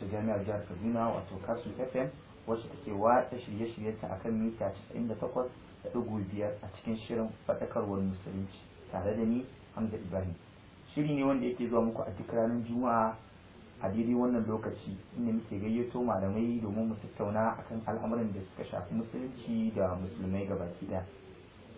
ta jami'ar jihar kaduna wato kasu fm wacce take watsa shirye-shiryenta akan mita 98.5 a cikin shirin faɗakarwar musulunci tare da ni hamza ibrahim shiri ne wanda yake zuwa muku a duk ranar juma'a a daidai wannan lokaci inda muke gayyato malamai domin mu tattauna akan al'amuran da suka shafi musulunci da musulmai gabaki ɗaya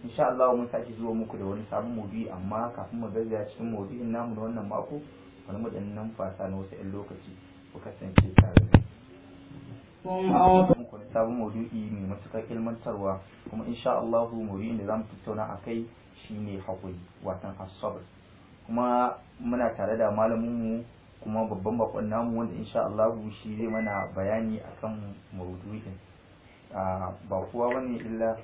insha Allah mun sake zuwa muku da wani sabon maudu'i amma kafin mu gaza cikin maudu'in namu na wannan mako wani mu dan fasa na wasu 'yan lokaci ku kasance tare da muku sabon maudu'i mai matuƙar ilmantarwa kuma insha Allah maudu'in da mu tattauna a kai shi ne haƙuri watan asabar kuma muna tare da malaminmu kuma babban bakon namu wanda insha Allah shi zai mana bayani akan maudu'in ba kuwa bane illa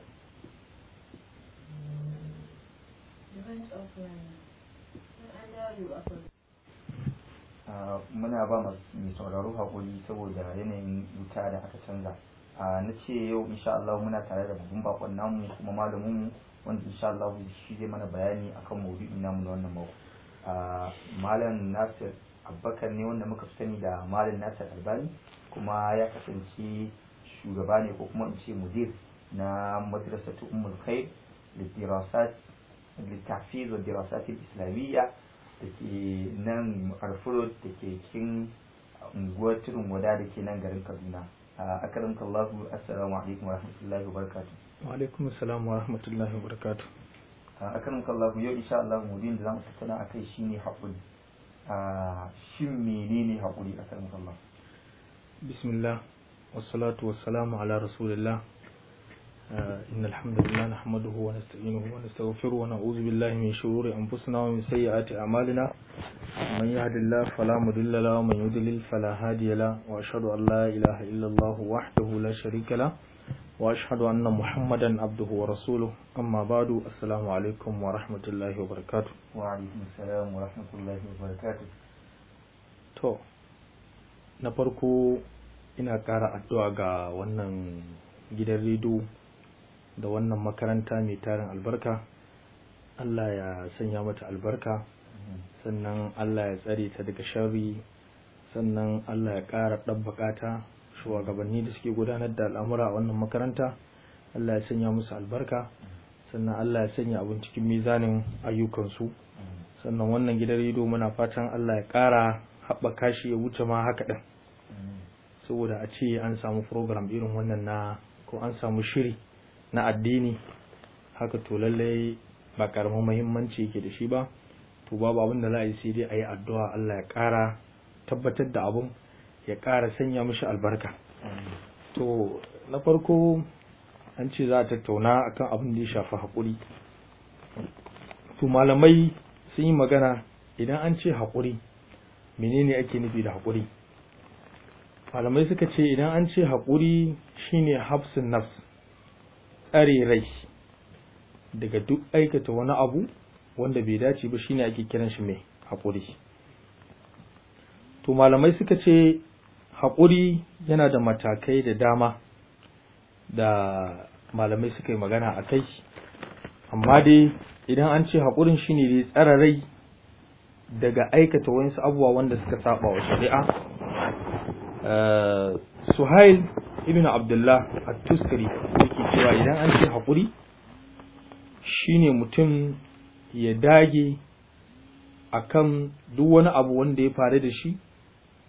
muna ba mai sauraro haƙuri saboda yanayin wuta da aka canza na ce yau insha Allah muna tare da babban bakon namu kuma malamin mu wanda insha Allah shi zai mana bayani akan maudu'in namu na wannan mako malam Nasir Abubakar ne wanda muka fi sani da malam Nasir Albani kuma ya kasance shugaba ne ko kuma in ce mudir na madrasatu Ummul Khair للدراسات da والدراسات islamiyya da ke nan arfuro da ke cikin unguwar turin wada da ke nan garin kaduna a akarin kallahu assalamu alaikum wa rahmatullahi wa barakatu wa alaikum assalamu wa rahmatullahi wa barakatu a akarin kallahu yau insha Allah mudin da zamu tattauna akai shine haƙuri a shin menene haƙuri akarin kallahu bismillah wassalatu wassalamu ala rasulillah إن الحمد لله نحمده ونستعينه ونستغفره ونعوذ بالله من شرور أنفسنا ومن سيئات أعمالنا من يهد الله فلا مضل له ومن يضلل فلا هادي له وأشهد أن لا إله إلا الله وحده لا شريك له وأشهد أن محمدا عبده ورسوله أما بعد السلام عليكم ورحمة الله وبركاته وعليكم السلام ورحمة الله وبركاته to na farko ina ƙara addu'a ga wannan gidan rediyo da wannan makaranta mai tarin albarka Allah ya sanya mata albarka sannan Allah ya tsare ta daga sharri sannan Allah ya ƙara ɗabbaƙa ta shugabanni da suke gudanar da al'amura a wannan makaranta Allah ya sanya musu albarka sannan Allah ya sanya abin cikin mizanin ayyukansu sannan wannan gidan rediyo muna fatan Allah ya ƙara haɓaka shi ya wuce ma haka ɗin saboda a ce an samu program irin wannan na ko an samu shiri na addini haka to lallai ba karamin muhimmanci yake da shi ba to babu abin da za a yi sai dai a yi addu'a Allah ya ƙara tabbatar da abun ya ƙara sanya mishi albarka to na farko an ce za a tattauna akan abin da ya shafi haƙuri to malamai sun yi magana idan an ce haƙuri menene ake nufi da haƙuri malamai suka ce idan an ce haƙuri shine hafsin nafs tsare rai daga duk aikata wani abu wanda bai dace ba shine ake kiran shi mai haƙuri to malamai suka ce haƙuri yana da matakai da dama da malamai suka yi magana a kai amma dai idan an ce haƙurin shine dai tsare rai daga aikata wayansu abubuwa wanda suka saba wa shari'a eh, suhail ibn abdullah at-tuskari yake cewa idan an ce haƙuri shine mutum ya dage akan duk wani abu wanda ya faru da shi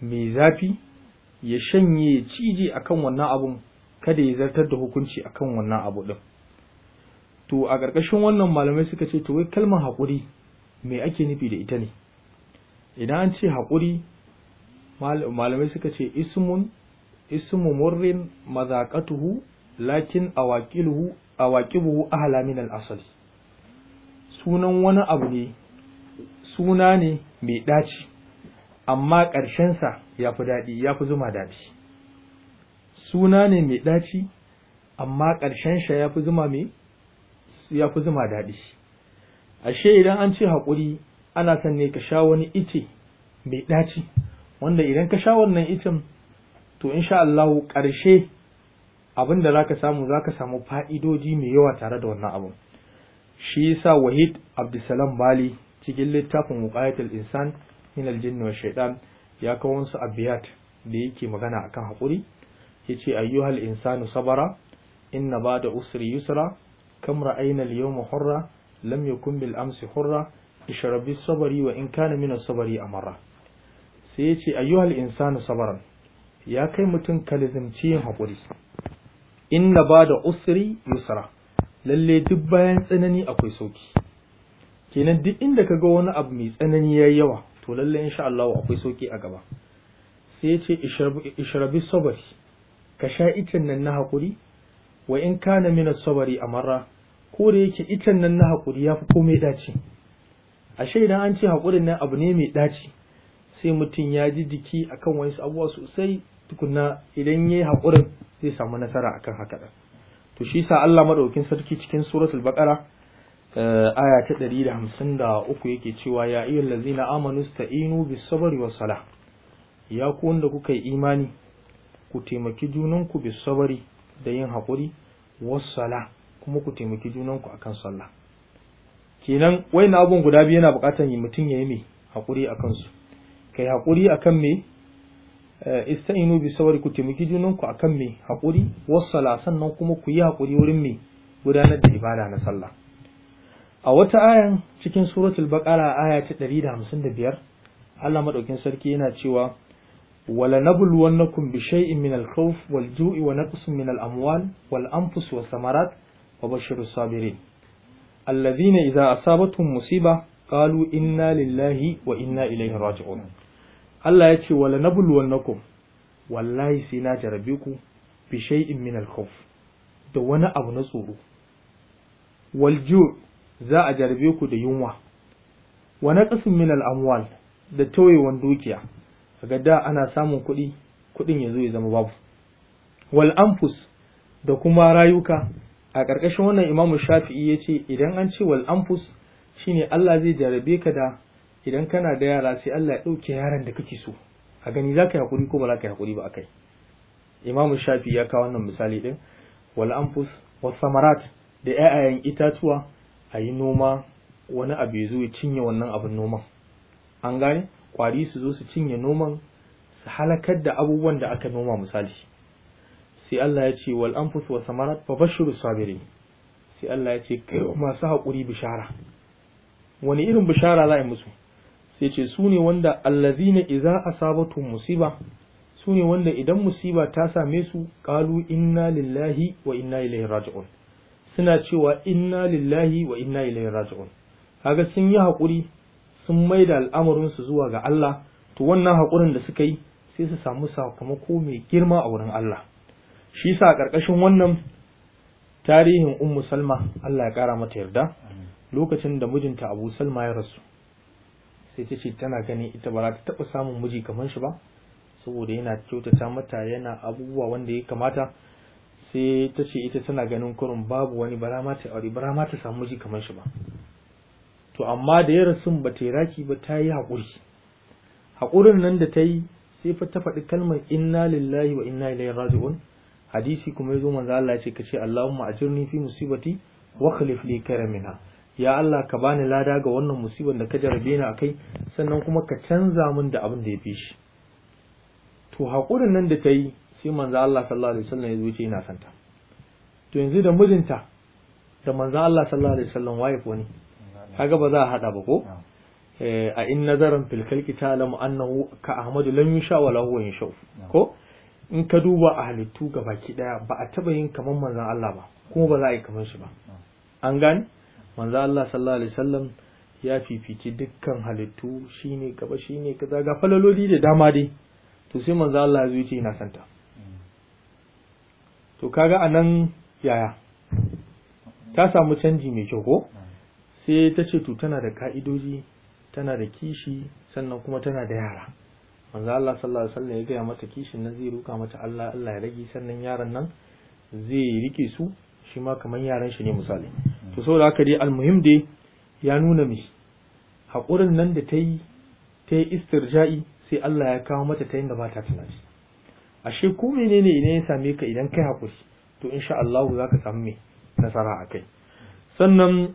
mai zafi ya shanye ya cije akan wannan abun kada ya zartar da hukunci akan wannan abu din to a ƙarƙashin wannan malamai suka ce to wai kalmar haƙuri me ake nufi da ita ne idan an ce haƙuri malamai suka ce ismun ismu murrin mazaqatuhu lakin awaqiluhu awaqibuhu ahla min al-asali sunan wani abu ne suna ne mai ɗaci, amma ƙarshen sa yafi dadi yafi zuma daɗi. suna ne mai amma yafi zuma mai zuma ashe idan an ce haƙuri ana son ne ka sha wani ice mai ɗaci, wanda idan ka sha wannan icen to insha Allah ƙarshe abin da zaka samu zaka samu fa'idodi mai yawa tare da wannan abun. shi yasa Wahid Abdulsalam Bali cikin littafin Wuqayatul Insan min al-jinn wa shaytan ya kawo su abiyat da yake magana akan hakuri yace ayyuhal insanu sabara inna ba'da usri yusra kam ra'ayna al-yawma hurra lam yakun bil amsi hurra ishrabi sabari wa in kana min as-sabari amara sai yace ayyuhal insanu sabaran ya kai mutum kalizimci yin haƙuri inna ba da usri yusra lalle duk bayan tsanani akwai sauki kenan duk inda ka ga wani abu mai tsanani yayi yawa to lalle insha Allah akwai sauki a gaba sai ya ce ishrabi sabari ka sha icen nan na haƙuri wa in kana min sabari amara ko da yake icen nan na haƙuri ya fi komai dace. ashe idan an ce haƙurin nan abu ne mai dace? sai mutum ya ji jiki akan wani abubuwa sosai tukunna idan yayi hakurin zai samu nasara akan haka din to shi sa Allah madaukin sarki cikin suratul baqara eh, aya ta 153 yake cewa ya ayyul ladzina amanu sta'inu bis sabri was salah ya ku wanda kuka yi imani ku taimaki junanku bis sabri da yin hakuri was salah kuma ku taimaki junanku akan sallah kenan waina abun guda biyu yana buƙatar mutum ya yi mai hakuri akan su kai hakuri akan me Eh, istainu bi sabari ku taimaki junanku akan mai haƙuri wasala sannan kuma ku yi haƙuri wurin mai gudanar da ibada na sallah a wata ayan cikin suratul baqara aya ta 155 Allah madaukin sarki yana cewa wala nabluwannakum bi shay'in min al-khawf wal-ju'i wa naqsin min al-amwal wal-anfus wa samarat wa bashshir sabirin alladhina idza asabatuhum musiba qalu inna lillahi wa inna ilayhi raji'un Allah ya ce wala na na nabluwannakum wallahi sai na jarabe ku bi shay'in min al da wani abu na tsoro wal za a jarabe ku da yunwa Wani ƙasin min al-amwal da tawayewan dukiya ga da ana samun kuɗi kuɗin ya zo ya zama babu wal anfus da kuma rayuka a ƙarƙashin wannan imamu shafi'i ya ce idan an ce wal anfus shine Allah zai jarabe ka da idan kana da yara sai Allah ya ɗauke yaran da kake so a gani za ka yi haƙuri ko ba za ka yi haƙuri ba a kai imamu shafi ya kawo wannan misali ɗin wal anfus wa samarat da 'ya'yan itatuwa a yi noma wani abu ya zo ya cinye wannan abin noman an gane ƙwari su zo su cinye noman su halakar da abubuwan da aka noma misali sai Allah ya ce wal anfus wa samarat fa bashiru sabirin sai Allah ya ce kai masu haƙuri bishara wani irin bishara za a yi musu sai ce su ne wanda allazina idza asabatu musiba su ne wanda idan musiba ta same su qalu inna lillahi wa inna ilaihi raji'un suna cewa inna lillahi wa inna ilaihi raji'un kaga sun yi haƙuri sun maida al'amarin su zuwa ga Allah to wannan haƙurin da suka yi sai su samu sakamako mai girma a wurin Allah shi sa ƙarƙashin wannan tarihin ummu salma Allah ya ƙara mata yarda lokacin da mijinta abu salma ya rasu sai ta ce tana ganin ita ba za ta taɓa samun miji kamar shi ba saboda yana kyautata mata yana abubuwa wanda ya kamata sai ta ce ita tana ganin kurin babu wani bara ma ta aure bara ma samu miji kamar shi ba to amma da ya rasu ba ta raki ba ta yi haƙuri haƙurin nan da ta yi sai fa ta faɗi kalmar inna lillahi wa inna ilaihi raji'un hadisi kuma ya zo manzo Allah ya ce kace Allahumma ajirni fi musibati wa khlif li karamina ya Allah ka bani lada ga wannan musibar da ka jarabe ni akai sannan kuma ka canza min da abin da ya fi shi to haƙurin nan da ta yi sai manzo Allah sallallahu alaihi wasallam ya zuce yana santa to yanzu da mijinta da manzo Allah sallallahu alaihi wasallam ko wani kaga ba za a hada ba ko eh, a in nazaran fil khalqi ta'lamu annahu ka ahmadu lam yusha wa lahu yusha ko in ka duba a halittu gabaki daya ba a taba yin kamar manzon Allah ba kuma ba za a yi kamar shi ba an gani manzo Allah sallallahu alaihi wasallam ya fifici dukkan halittu shine gaba shine kaza ga falaloli da dama dai to sai manzo Allah ya zo ce ina santa mm. to kaga anan yaya ta samu canji mai kyau ko mm. sai ta ce to tana da ka'idoji tana da kishi sannan kuma tana da yara manzo Allah sallallahu alaihi wasallam ya gaya mata kishin nan zai ruka mata Allah Allah ya rage sannan yaran nan zai rike su shi ma kamar yaran shi ne misali mm. to saboda haka dai almuhim dai ya nuna mi haƙurin nan da ta yi ta yi istirja'i sai Allah ya kawo mata ta yin da ba ta tunani ashe ko menene ne ya same ka idan kai haƙuri to insha Allah za ka samu nasara a kai sannan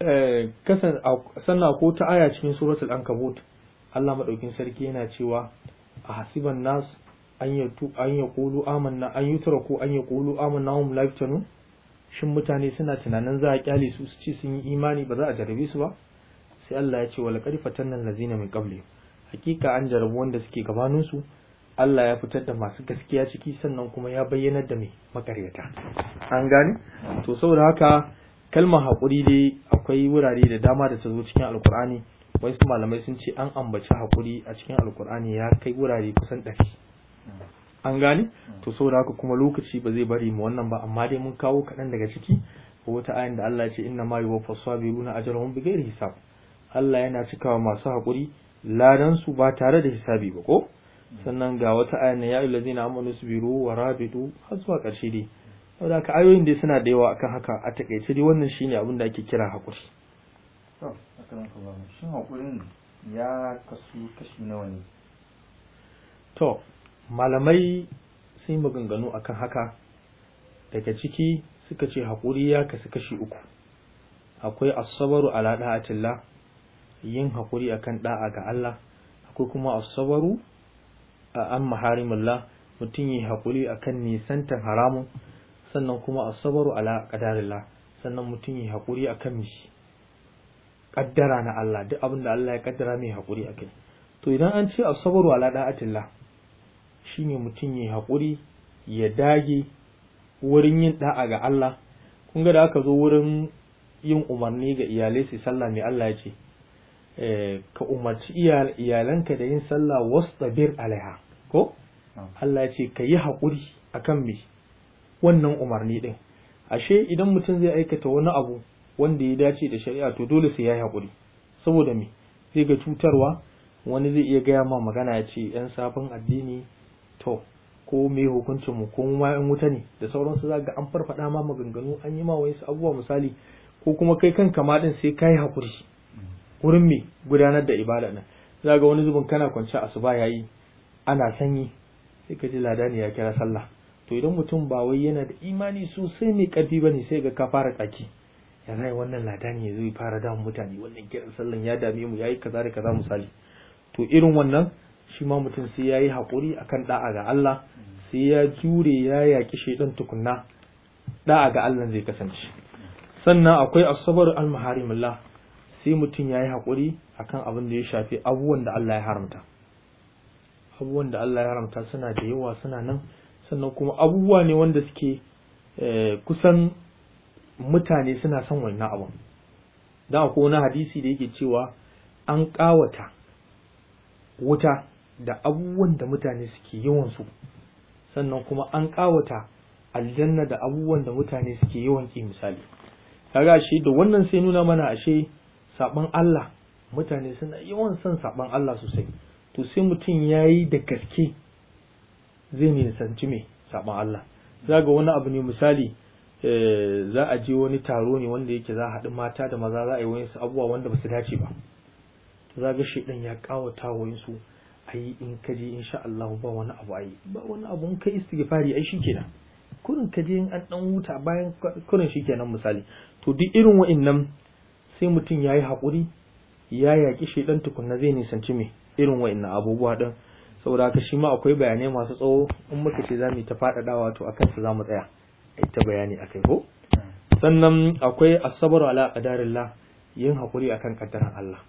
eh, kasan sannan ko ta aya cikin suratul ankabut Allah madaukin sarki yana cewa a hasiban nas an yatu an yaqulu amanna an yutraku an yaqulu amanna hum la yaftanun shin mutane suna tunanin za a kyale su su ce sun yi imani ba za a jarabe su ba sai Allah ya ce wala qarifatan nan lazina min qabli hakika an jarabu wanda suke gabanin su Allah ya fitar da masu gaskiya ciki sannan kuma ya bayyana da mai makaryata an gane to saboda haka kalmar hakuri dai akwai wurare da dama da ta zo cikin alkur'ani wasu malamai sun ce an ambaci hakuri a cikin alkur'ani ya kai wurare kusan ɗari an gane to saboda haka kuma lokaci ba zai bari mu wannan ba amma dai mun kawo kaɗan daga ciki ko wata ayin da Allah ya ce inna ma yuwaffa sabiruna ajrahum bighairi hisab Allah yana cikawa masu haƙuri ladan su ba tare da hisabi ba ko sannan ga wata ayin ya ayyuhal ladzina amanu subiru wa rabitu har karshe dai saboda haka ayoyin dai suna da yawa akan haka a takaice dai wannan shine abin da ake kira haƙuri to malamai sun maganganu akan haka daga ciki suka ce haƙuri ya kasu kashi uku akwai asabaru ala ɗa'atilla. yin haƙuri akan ɗa'a ga Allah akwai kuma asabaru a an maharimullah mutum yi haƙuri akan nisantar haramun sannan kuma asabaru ala qadarillah sannan mutum yi haƙuri akan mishi kaddara na Allah duk abin da Allah ya kaddara mai haƙuri akai to idan an ce asabaru ala ɗa'atilla. shine mutum ya haƙuri ya dage wurin yin ɗa'a ga Allah kun ga da aka zo wurin yin umarni ga iyalai su sallah mai Allah ya ce eh, ka umarci iyalanka da yin sallah wasu wastabir alaiha ko Allah ya ce ka yi haƙuri akan mai wannan umarni ɗin. ashe idan mutum zai aikata wani abu wanda ya dace da shari'a to dole sai ya yi haƙuri saboda me zai ga cutarwa wani zai iya gaya ma magana ya ce 'yan sabon addini to ko me hukuncin mu ko ma yan wuta ne da sauransu za ga an farfada ma maganganu an yi ma wayansu abubuwa misali ko kuma kai kanka ma din sai kai hakuri wurin me gudanar da ibada nan za ga wani zubin kana kwance asuba yayi ana sanyi sai ka ji ladani ya kira sallah to idan mutum ba wai yana da imani sosai mai karfi bane sai ga ka fara tsaki ya rai wannan ladani ya zo ya fara damun mutane wannan kiran sallan ya dame mu yayi kaza da kaza misali to irin wannan shi ma mutum sai ya yi haƙuri a kan ɗa'a ga Allah sai ya jure ya yaƙi shaidan tukunna ɗa'a ga Allah zai kasance sannan akwai asabar al sai mutum ya yi haƙuri a kan abin da ya shafi abubuwan da Allah ya haramta abubuwan da Allah ya haramta suna da yawa suna nan sannan kuma abubuwa ne wanda suke eh, kusan mutane suna son wannan abun don akwai wani hadisi da yake cewa an ƙawata wuta da abubuwan da mutane suke yawan su sannan kuma an kawata aljanna da abubuwan da mutane suke yawan ki misali kaga ashe da wannan sai nuna mana ashe saban Allah mutane suna yawan son saban Allah sosai to sai mutum yayi da gaske zai nisanci me saban Allah zaga wani abu ne misali eh, za a je wani taro ne wanda yake za a haɗu mata da maza za a yi wani abubuwa wanda ba su dace ba za zaga shi ya ƙawata wayansu kai in ka je sha Allah ba wani abu ai ba wani abu in kai istighfari ai shikenan kurin ka je in an dan huta bayan kurin shikenan misali to duk irin wa'annan sai mutum yayi hakuri ya yaki dan tukunna zai nisanci me irin wa'annan abubuwa din saboda haka shi ma akwai bayanai masu tsawo in muka ce zamu ta faɗaɗawa to akan su zamu tsaya ai ta bayani akai ko sannan akwai as-sabru ala qadarillah yin hakuri akan kaddaran Allah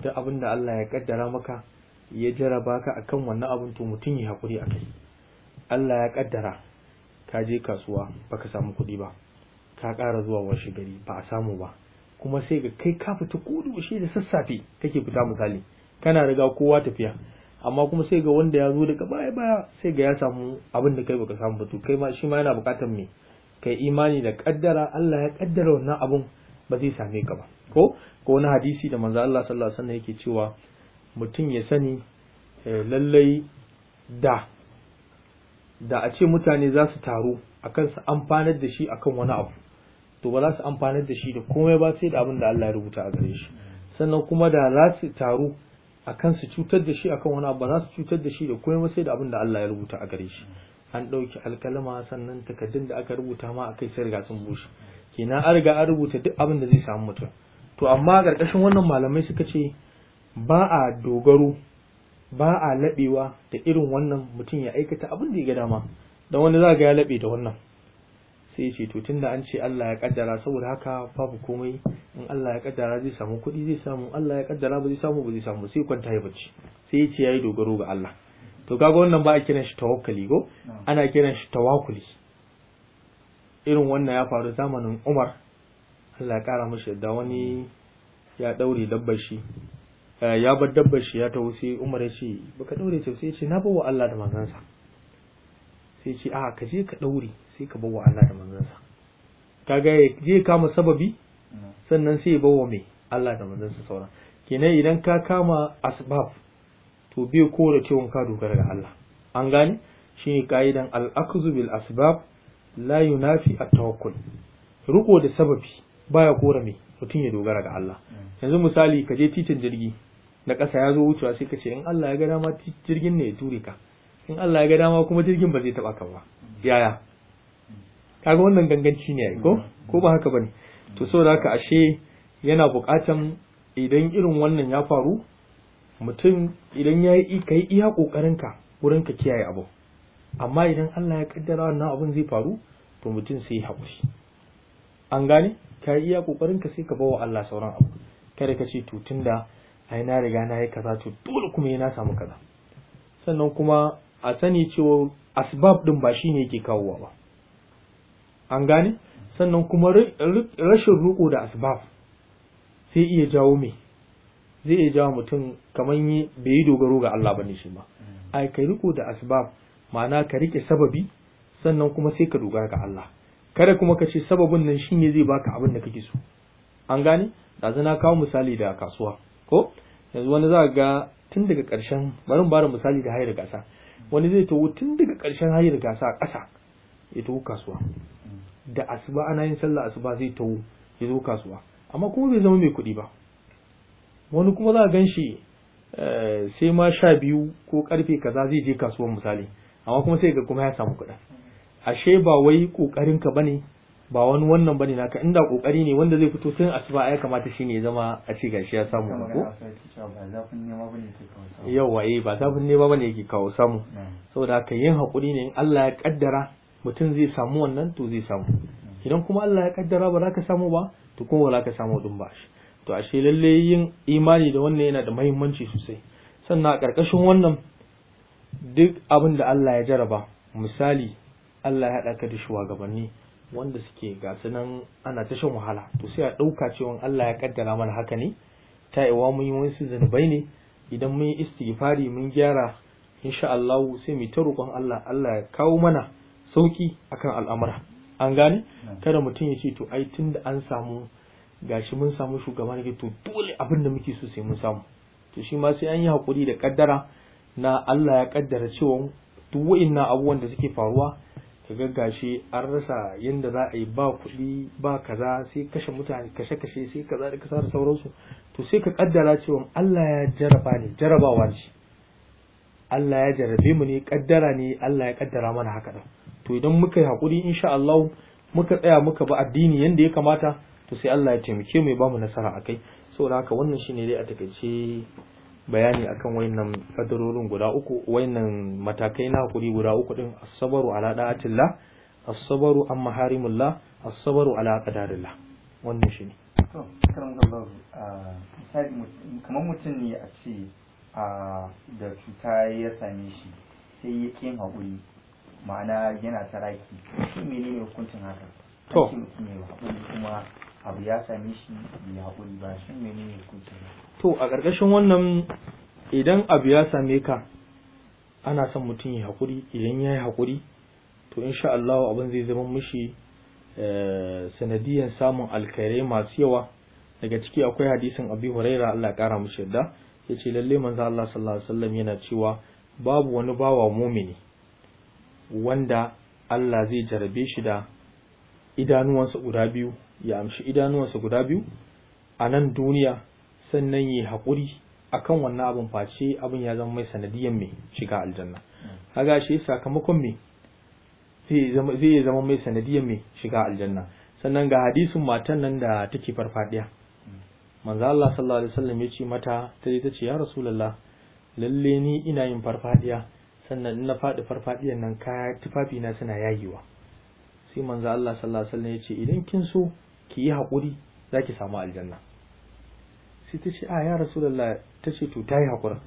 duk abin Allah ya kaddara maka ya jaraba ka akan wannan abun to mutum ya hakuri akai Allah ya kaddara ka je kasuwa baka samu kuɗi ba ka ƙara zuwa washe gari ba a samu ba kuma sai ga kai ka fita kudu shi da sassafe kake fita misali kana riga kowa tafiya amma kuma sai ga wanda ya zo daga baya baya sai ga ya samu abin da kai baka samu ba to kai ma shi ma yana buƙatar me kai imani da kaddara Allah ya kaddara wannan abun ba zai same ka ba ko ko wani hadisi da manzo Allah sallallahu alaihi wasallam yake cewa mutum ya sani eh, lallai da da a ce mutane za su taru kan su amfanar da shi akan wani abu to ba za su amfanar da shi da komai ba sai da abin da Allah ya rubuta a gare shi sannan kuma da za su taru kan su cutar da shi akan wani abu ba za su cutar da shi da komai ba sai da abin da Allah ya rubuta a gare shi an ɗauki alkalama sannan takaddun da aka rubuta ma akai sai riga sun bushe kenan an riga an rubuta duk abin da zai samu mutum to amma ƙarƙashin wannan malamai suka ce ba a dogaro ba a laɓewa da irin wannan mutum ya aikata abin da ya ga dama don wani za ga ya laɓe da wannan sai ce to tunda an ce Allah ya kaddara saboda haka babu komai in Allah ya kaddara zai samu kuɗi zai samu Allah ya kaddara ba zai samu ba zai samu sai kwanta ya bacci sai ya ce yayi dogaro ga Allah to kaga wannan ba a kiran shi tawakkali go ana kiran shi tawakkuli irin wannan ya faru zamanin Umar Allah ya kara mashi da wani ya daure dabbar shi Eh, ya bar dabbar shi ya taho sai Umar ya ce baka daure ce sai ya ce na bawa Allah da sa sai ya ce a ka je ka daure sai ka bawa Allah da sa kaga ya je kama sababi sannan sai ya bawa mai Allah da sa sauran kenan idan ka kama asbab to bai kore cewa ka dogara ga Allah an gane shi ne ka'idan al akzu bil asbab la yunafi at-tawakkul riko da sababi baya kore mai mutum ya dogara ga Allah hmm. yanzu misali ka je titin jirgi na ƙasa ya zo wucewa sai ka ce in Allah ya ga dama jirgin ne ya ture ka in Allah ya ga dama kuma jirgin ba zai taba ka ba yaya kaga wannan ganganci ne ko mm-hmm. ko ba haka bane to saboda haka ashe yana buƙatan idan irin wannan ya faru mutum idan ya yi kai iya kokarin ka wurin ka kiyaye abu amma idan Allah ya kaddara wannan abun zai faru to mutum sai ya haƙuri an gane ka yi iya kokarin ka sai ka bawa Allah sauran abu kada ka ce to tunda ai na riga na yi kaza to dole kuma yana samu kaza sannan kuma a sani cewa asbab din ba shine yake kawowa ba an gane sannan kuma rashin ruko da asbab sai iya jawo me zai iya jawo mutum kamar yi bai yi dogaro ga Allah bane shi ma mm. ai kai riko da asbab ma'ana ka rike sababi sannan kuma sai ka dogara ga Allah kada kuma ka ce sababin nan shine zai baka abin da kake so an gane da na kawo misali da kasuwa ko yanzu wani za ga tun daga ƙarshen bari mu bada misali da hayar gasa wani zai tawo tun daga ƙarshen hayar gasa a ƙasa ya tawo kasuwa da asuba ana yin sallah asuba zai tawo ya zo kasuwa amma kuma bai zama mai kuɗi ba wani kuma za a gan shi eh, sai ma sha biyu ko karfe kaza zai je kasuwar misali amma kuma sai ga kuma ya samu kuɗi ashe ba wai ƙoƙarinka ba ne ba wani wannan bane naka inda kokari ne wanda zai fito sai asuba ya kamata shine ya zama a ci gashi ya samu ko yawa eh ba zafin nema bane yake kawo samu hmm. saboda haka yin hakuri ne in Allah ya kaddara mutum zai samu wannan to zai samu hmm. idan kuma Allah ya kaddara ba za ka samu ba to kuma ba za ka samu din ba shi to ashe lalle yin imani da wannan yana da muhimmanci sosai sannan a karkashin wannan duk abin da Allah ya jaraba misali Allah ya haɗa ka da shugabanni wanda suke ga nan ana ta shan wahala to sai a ɗauka cewa Allah ya kaddara mana haka ne ta iwa mun yi wasu zunubai ne idan mun yi istighfari mun gyara insha Allah sai mu ta roƙon Allah Allah ya kawo mana sauki akan al'amura an gane kada mutum ya ce to ai tunda an samu gashi mun samu shugaban ne to dole abin da muke so sai mun samu to shi ma sai an yi hakuri da kaddara na Allah ya kaddara cewa duk wa'annan abubuwan da suke faruwa ka ga shi an rasa yadda za a yi ba kuɗi ba kaza sai kashe mutane kashe kashe sai ka da kasa da sauransu to sai ka kaddara cewa Allah ya jaraba ne jarabawa ne Allah ya jarabe mu ne kaddara ne Allah ya kaddara mana haka da to idan muka yi haƙuri, insha Allah muka tsaya muka bi addini yadda ya kamata to sai Allah ya taimake mu ya bamu nasara a kai saboda haka wannan shine dai a takaice bayani akan wayannan kadarorin guda uku wayannan matakai na hakuri guda uku din as sabaru ala da'atillah as sabaru an maharimullah as sabaru ala qadarillah wannan shine to karam Allah eh ah, kamar mutum ne a ce ah, da cuta ya same shi sai ya kin hakuri ma'ana yana taraki shi menene hukuncin haka to mutum ne hakuri kuma abu ya same shi ya hakuri ba shi menene hukuncin haka to a ƙarƙashin wannan idan abu ya same ka ana son mutum ya haƙuri idan ya yi haƙuri to insha Allah abin zai zama mishi eh, sanadiyar samun alkhairai masu yawa daga ciki akwai hadisin abu Huraira Allah ƙara mushi yadda yace lalle manza Allah sallallahu alaihi wasallam yana cewa babu wani bawa mumini wanda Allah zai jarabe shi da idanuwansa guda biyu ya amshi idanuwansa guda biyu a nan duniya sannan yi haƙuri a kan wannan abin face abin ya zama mai sanadiyan mai shiga aljanna kaga shi sakamakon me zai zama zama mai sanadiyan mai shiga aljanna sannan ga hadisun matan nan da take farfadiya manzo Allah sallallahu alaihi wasallam ya ce mata ta je ta ce ya rasulullah lalle ni ina yin farfadiya sannan na faɗi farfadiyan nan kaya tufafi na suna yayewa sai manzo Allah sallallahu alaihi wasallam ya ce idan kin so ki yi haƙuri zaki samu aljanna sai ta ce a ah, ya rasulullah ta ce to ta yi haƙura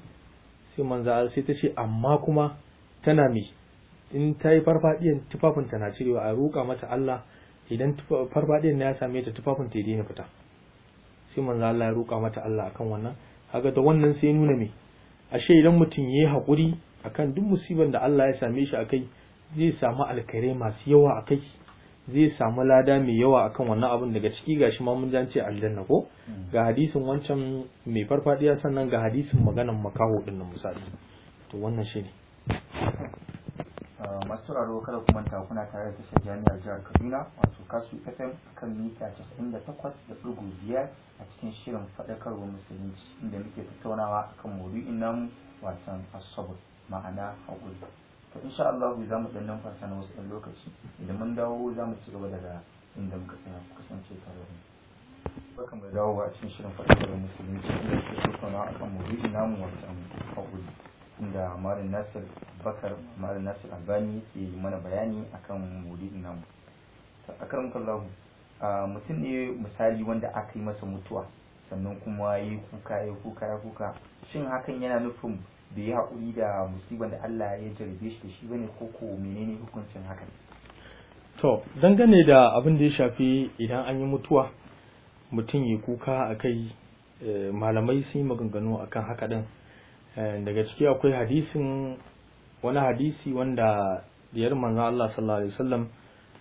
sai manza sai ta ce amma kuma tana mai in ta yi farfaɗiyan tufafinta na cirewa a roƙa mata Allah idan farfaɗiyan na ya same ta tufafinta ya daina fita sai manza Allah ya roƙa mata Allah akan wannan haka da wannan sai nuna mai, ashe idan mutum ya yi haƙuri akan duk musibar da Allah ya same shi akai zai samu alkairai masu yawa akai zai samu lada mai yawa akan wannan abin daga ciki gashi ma mun ce aljanna ko hmm. ga hadisin wancan mai farfadiya sannan ga hadisin maganan makaho din nan misali to wannan shine uh, masu raro kada ku manta kuna tare da tashar jami'ar jihar Kaduna wato kasu FM kan mita casa'in da da takwas biyar a cikin shirin faɗakarwa musulunci inda muke tattaunawa akan maudu'in namu wasan asabar ma'ana haƙuri to insha Allah za mu dan numfasa na wasu lokaci idan mun dawo za mu ci gaba daga inda muka tsaya ku kasance tare da mu dawo a cikin shirin fadar musulunci da ke tattauna akan maudu'i namu wasan haƙuri inda malam nasir bakar malam nasir albani ke mana bayani akan maudu'i namu akaram kallahu mutum ne misali wanda aka yi masa mutuwa sannan kuma yi kuka yi kuka yi kuka shin hakan yana nufin da ya haƙuri da musibar da Allah ya jarbe shi da shi bane ko ko menene hukuncin haka to dangane da abin da ya shafi idan an yi mutuwa mutum ya kuka a kai eh, malamai sun yi maganganu a kan haka ɗin eh, daga ciki akwai hadisin wani hadisi wanda diyar manzo Allah sallallahu alaihi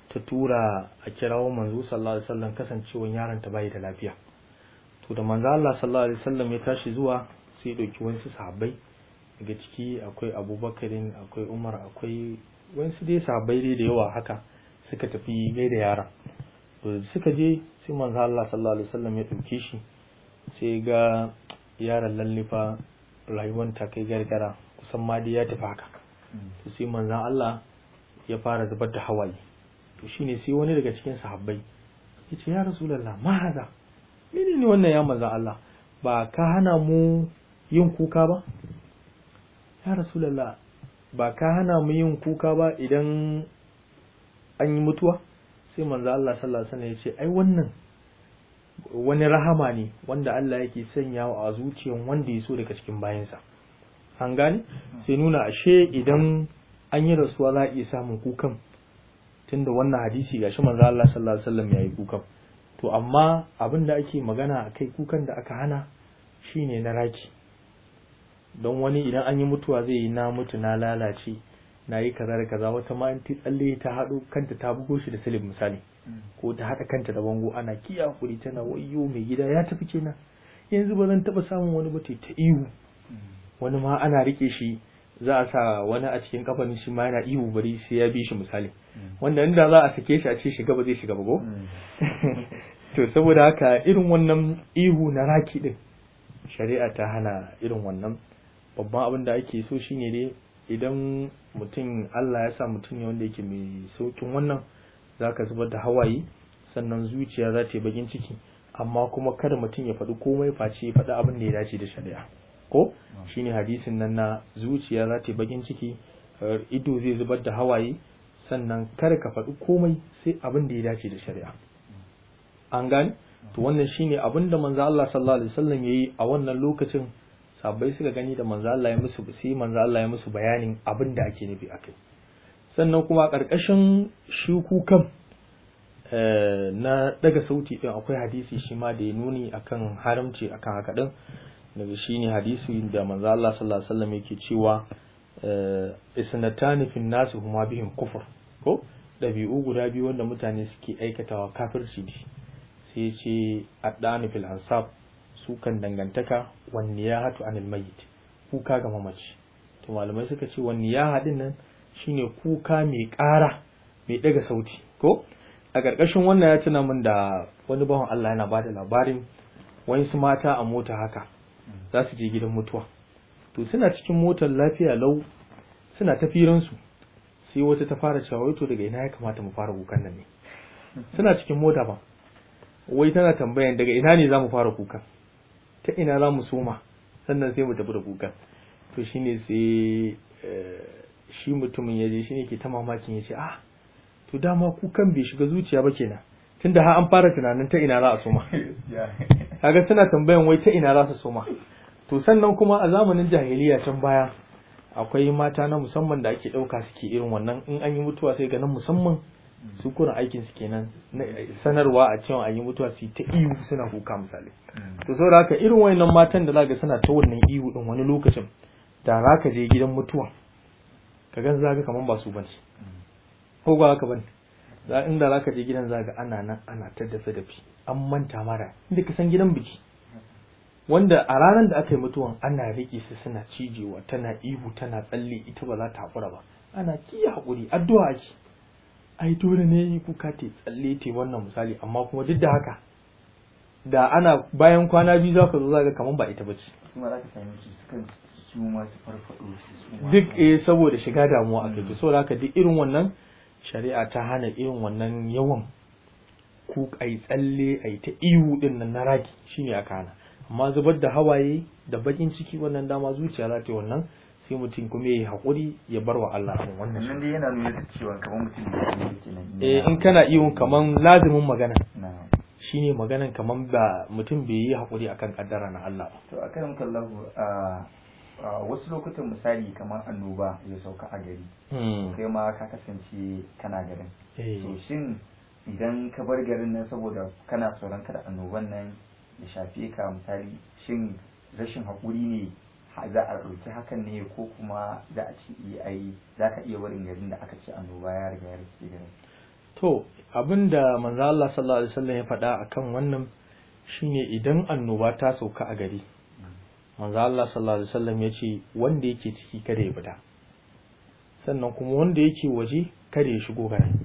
ta tura a kirawo manzo sallallahu alaihi wasallam kasancewar yaron ta bai da lafiya to da manzo Allah sallallahu alaihi wasallam ya tashi zuwa sai ya dauki wasu sahabbai daga ciki akwai abubakarin akwai umar akwai wasu dai sahabbai dai da yawa haka suka tafi bai da yara to suka je sai manzo Allah sallallahu alaihi wasallam ya dauke shi sai ga yaran lallifa rayuwar ta kai gargara kusan ma dai ya tafi haka to sai manzo Allah ya fara zubar da hawaye to shine sai wani daga cikin sahabbai yace ya rasulullah ma haza menene wannan ya manzo Allah ba ka hana mu yin kuka ba ya rasulallah ba ka hana mu yin kuka ba idan an yi mutuwa sai manzo Allah sallallahu alaihi wasallam ya ce ai wannan wani rahama ne wanda Allah yake sanyawa a zuciyar wanda ya so daga cikin bayansa an gane sai nuna ashe idan an yi rasuwa za a iya samun kukan tunda wannan hadisi gashi manzo Allah sallallahu alaihi wasallam yayi kukan to amma abin da ake magana akai kukan da aka hana shine na raki don wani idan an yi mutuwa zai yi na mutu na lalace na yi kaza da kaza wata ma in tsalle ta haɗu kanta ta bugo shi da silib misali mm. ko ta haɗa kanta da bango ana kiya hakuri tana wayo mai gida ya tafi kenan yanzu ba zan taɓa samun wani ba ta ihu mm. wani ma ana rike shi za a sa wani a cikin kafanin shi ma yana ihu bari sai ya bi shi misali mm. wanda inda za a sake shi a ce shi gaba zai shiga ba to saboda haka irin wannan ihu na raki din shari'a ta hana irin wannan babban abin da ake so shine dai idan mutum Allah ya sa mutum ne wanda yake mai saukin wannan zaka zubar da hawaye sannan zuciya za ta yi bakin ciki amma kuma kada mutum ya faɗi komai face ya faɗi abin da ya dace da shari'a ko shine hadisin nan na zuciya za ta yi bakin ciki er, ido zai zubar da hawaye sannan kar ka faɗi komai sai abin da ya dace da shari'a an gane to wannan shine abinda da manzo Allah sallallahu alaihi wasallam yayi a wannan lokacin sabbai suka gani da manzo Allah ya musu sai manzo Allah ya musu bayanin abin da ake nufi akai sannan kuma karkashin shi kukan eh, na daga sauti din akwai hadisi shi ma da ya nuni akan haramci akan haka din daga shine hadisi da manzo Allah sallallahu alaihi wasallam yake cewa eh, isnatani fin nasu huma bihim kufur ko dabi'u guda biyu wanda mutane suke aikatawa kafirci ne sai ce addani fil ansab sukan dangantaka wanne ya hatu anil mayit kuka ga mamaci to malamai suka ce wanne ya hadin nan shine kuka mai ƙara mai daga sauti ko a ƙarƙashin wannan ya tuna min da wani bawan Allah yana bada labarin wani su mata a mota haka za su je gidan mutuwa to suna cikin motar lafiya lau suna su sai wata ta fara cewa to daga ina ya kamata mu fara kukan nan ne suna cikin mota ba wai tana tambayan daga ina ne za mu fara kuka ta ina za mu soma sannan sai mu tafi da kukan to shine sai eh, shi mutumin ya je shine ke ta mamakin ya ce ah to dama kukan bai shiga zuciya ba kenan tunda har an fara tunanin ta ina za a soma kaga suna tambayan wai ta ina za su soma to sannan kuma a zamanin jahiliya can baya akwai mata na musamman da ake ɗauka suke irin wannan in an yi mutuwa sai ga nan musamman su kuna aikin su kenan sanarwa a cewa a yi mutuwa su ta ihu suna kuka misali to saboda haka irin wayannan matan da zaka suna ta wannan ihu din wani lokacin da zaka je gidan mutuwa ka gan zaka kaman ba su bane ko ba haka bane za inda zaka je gidan zaka ana nan ana ta dafe dafi an manta mara inda ka san gidan biki wanda a ranar da aka yi mutuwan ana riƙe su suna cijewa tana ihu tana tsalle ita ba za ta haƙura ba ana kiya haƙuri addu'a ake ai dole ne kuka te tsalle te wannan misali amma kuma duk da haka da ana bayan kwana biyu za ka zo za ka kamar ba ita bace kuma za ka su su ma su farfado duk eh saboda shiga damuwa a kai saboda ka duk irin wannan shari'a ta hana irin wannan yawan ku ai tsalle ai ta ihu din nan na raki shine aka hana amma zubar da hawaye da bakin ciki wannan dama zuciya za ta wannan sai mutum kuma ya haƙuri ya bar wa Allah abin wannan shi. dai yana nuna da cewa kamar mutum ya yi kenan. Eh in kana iyo kamar lazimin magana. Shi ne maganan kamar ba mutum bai yi haƙuri akan ƙaddara na Allah ba. To akan kallahu a wasu lokutan misali kamar annoba ya sauka a gari. Hmm. Kai ma ka kasance kana garin. Eh. So shin idan ka bar garin nan saboda kana tsoron kada annoban nan ya shafe ka misali shin rashin haƙuri ne za a ɗauki hakan ne ko kuma za a ci eh, ai za ka iya barin garin da aka ci annoba ya riga ya rike garin to abin da manzo Allah sallallahu alaihi wasallam ya faɗa akan wannan shine idan annoba ta sauka a gari manzo Allah sallallahu alaihi wasallam ya ce wanda yake ciki kada ya fita sannan kuma wanda yake waje kada ya shigo garin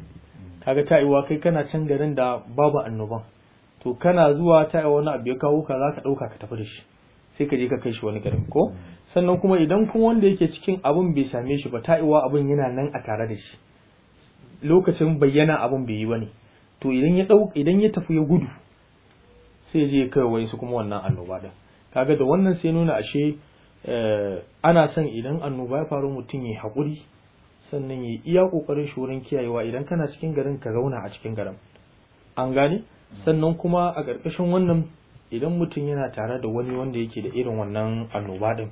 kaga ta iwa kai kana can garin da babu annoban to kana zuwa ta wani abu ya kawo ka za ka ɗauka ka tafi da shi sai ka je ka kai shi wani garin ko sannan kuma idan kuma wanda yake cikin abun bai same shi ba ta ta'iwa abun yana nan a tare da shi lokacin bayyana abun bai yi bane to idan ya dau idan ya tafi ya gudu sai ya je ya kai wani su kuma wannan annoba din kaga da wannan sai nuna ashe eh, ana son idan annoba ya faru mutum ya hakuri, sannan ya iya kokarin shi wurin kiyayewa idan kana cikin garin ka zauna a cikin garin an gane sannan kuma a ƙarƙashin wannan idan mutum yana tare da wani wanda yake da irin wannan annoba din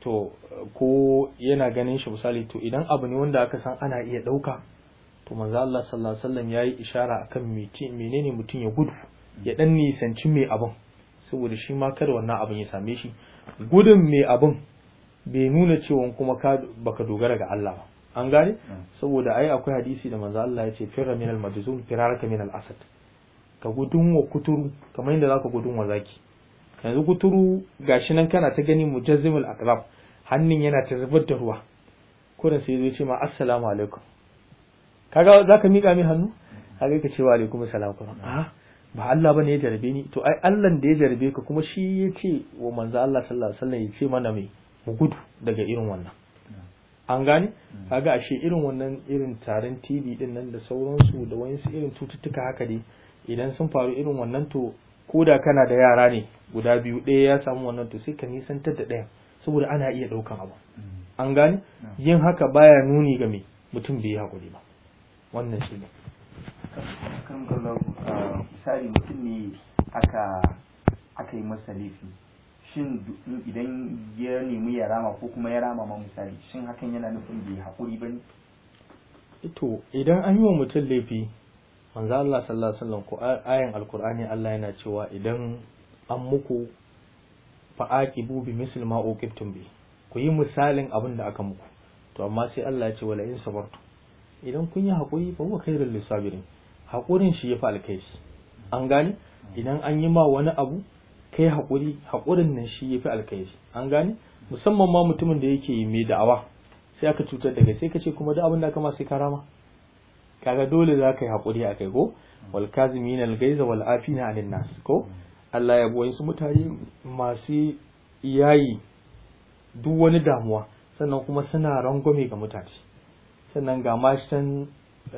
to ko yana ganin shi misali to idan abu ne wanda aka san ana iya ɗauka to manzo Allah sallallahu alaihi wasallam yayi ishara akan menene mutum ya gudu ya dan nisanci mai abun saboda shi ma kada wannan abun ya same shi gudun mai abun bai nuna cewa kuma ka baka dogara ga Allah ba an gane hmm. saboda ai akwai hadisi da manzo Allah ya ce firra minal majzum firaraka minal asad ka gudun wa kuturu kamar yadda ka gudun wa zaki yanzu kuturu gashi nan kana ta gani Al-Akrab. hannun yana ta zubar da ruwa kurin sai zai ce ma assalamu alaikum kaga zaka mika min hannu kaga ka ce wa alaikum assalam kuma. a ba Allah bane ya jarbe ni to ai Allah da ya jarbe ka kuma shi ya ce wa manzo Allah sallallahu alaihi wasallam ya ce mana mai mu gudu daga irin wannan an gane kaga ashe irin wannan irin taron TV din nan da sauransu da wayansu irin cututtuka haka dai idan sun faru irin wannan to ko da kana da yara ne guda biyu ɗaya ya samu wannan to sai ka nisantar da ɗayan saboda ana iya ɗaukan abu mm. an gane yin haka baya nuni ga me mutum bai yi hakuri ba wannan shi ne uh, misali mutum ne aka aka yi masa laifi shin idan ya nemi ya rama ko kuma ya rama ma misali shin hakan yana nufin bai hakuri ba ne to idan an yi wa mutum laifi manzo Allah sallallahu alaihi wasallam ko ayan alqur'ani Allah yana cewa idan an muku fa'aqibu bi misl ma uqibtum bi ku yi misalin abin da aka muku to amma sai Allah ya ce wala in sabartu idan kun yi hakuri fa huwa khairul lisabirin hakurin shi yafi alkhairi an gane idan an yi ma wani abu kai hakuri hakurin nan shi yafi alkhairi an gani musamman ma mutumin da yake mai da'awa sai aka cutar da kai sai ka kuma duk abin da aka ma sai ka kaga dole za ka yi haƙuri a kai ko wal kazimin al gaiza wal afina anin nas ko Allah ya buwayi su mutane masu yayi duk wani damuwa sannan kuma suna rangwame ga mutane sannan ga mashin